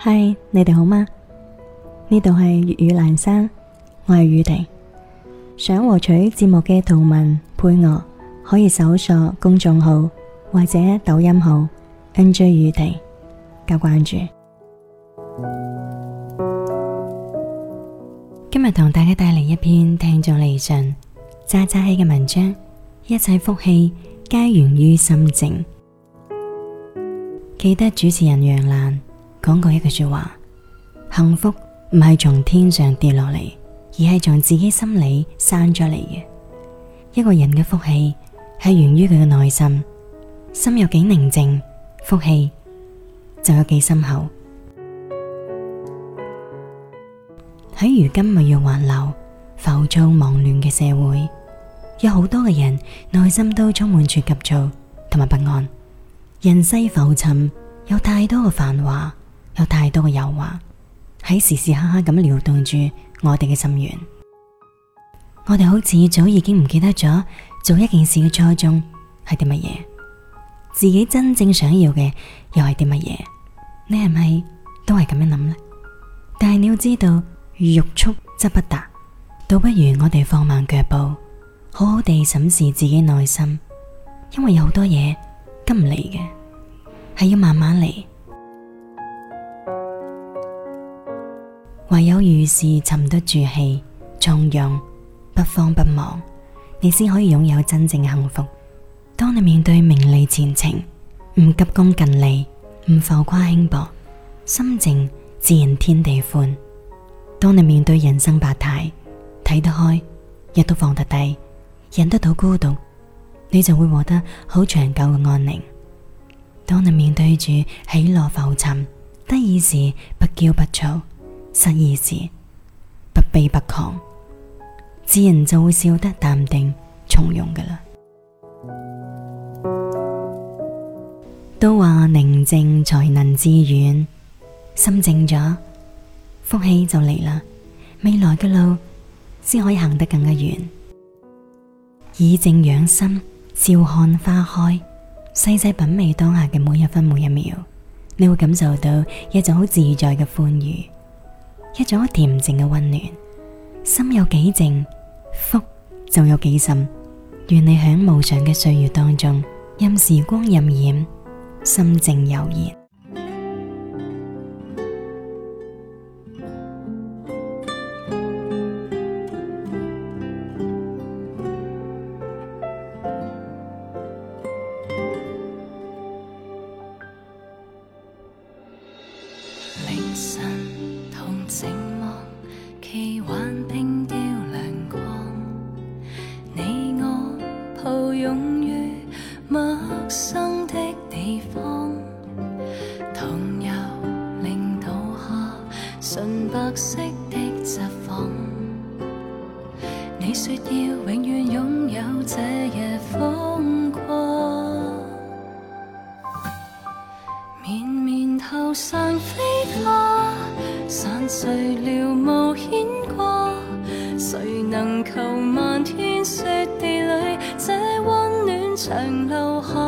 嗨，Hi，你哋好嗎？呢度係粵語蘭生，我係宇婷。想獲取節目嘅圖文配樂，可以搜索公眾號或者抖音號 NJ 宇婷加關注。今日同大家帶嚟一篇聽眾嚟信渣渣希嘅文章，一切福氣皆源於心靜。記得主持人楊瀾。講過一句說話，幸福唔係從天上跌落嚟，而係從自己心裏生出嚟嘅。一個人嘅福氣係源於佢嘅內心，心有幾寧靜，福氣就有幾深厚。喺 如今物欲橫流、浮躁忙亂嘅社會，有好多嘅人內心都充滿住急躁同埋不安。人世浮沉，有太多嘅繁華。有太多嘅誘惑喺時時刻刻咁撩動住我哋嘅心弦，我哋好似早已經唔記得咗做一件事嘅初衷係啲乜嘢，自己真正想要嘅又係啲乜嘢，你係咪都係咁樣諗呢？但係你要知道，欲速則不達，倒不如我哋放慢腳步，好好地審視自己內心，因為有好多嘢急唔嚟嘅，係要慢慢嚟。唯有遇事沉得住氣、從容不慌不忙，你先可以擁有真正嘅幸福。當你面對名利前程，唔急功近利，唔浮誇輕薄，心靜自然天地寬。當你面對人生百態，睇得開，亦都放得低，忍得到孤獨，你就會獲得好長久嘅安寧。當你面對住起落浮沉，得意時不驕不躁。失意時，不卑不亢，自然就會笑得淡定從容噶啦。都話寧靜才能致遠，心靜咗，福氣就嚟啦。未來嘅路先可以行得更加遠。以靜養心，笑看花開，細細品味當下嘅每一分每一秒，你會感受到一種好自在嘅歡愉。一座恬靜嘅溫暖，心有幾靜，福就有幾深。願你響無常嘅歲月當中，任時光荏苒，心靜悠然。白色的氈房，你說要永遠擁有這夜風光。綿綿頭上飛花，散碎了無牽掛。誰能求漫天雪地裏這溫暖長留下？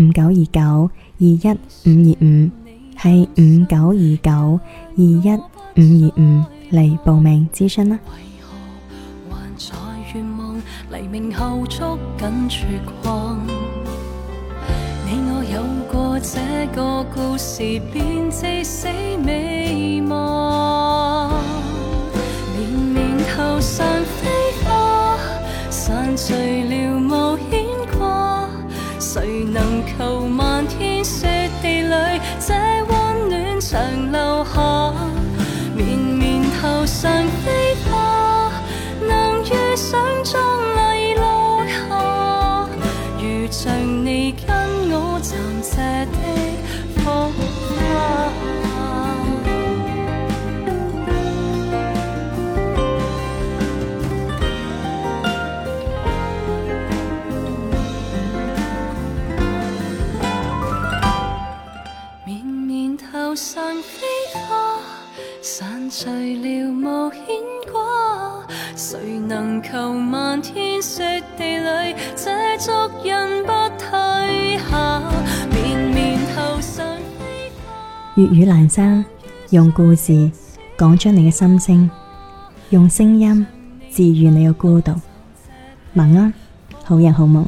五九二九二一五二五，係五九二九二一五二五嚟報名諮詢啦。誰能求漫天雪地裏，這温暖長留下綿綿頭上？散了無牽掛，誰能求漫天雪地裏，這足印不退下，綿綿頭上飛。粵語闌珊，用故事講出你嘅心聲，用聲音治愈你嘅孤獨。晚安，好人好夢。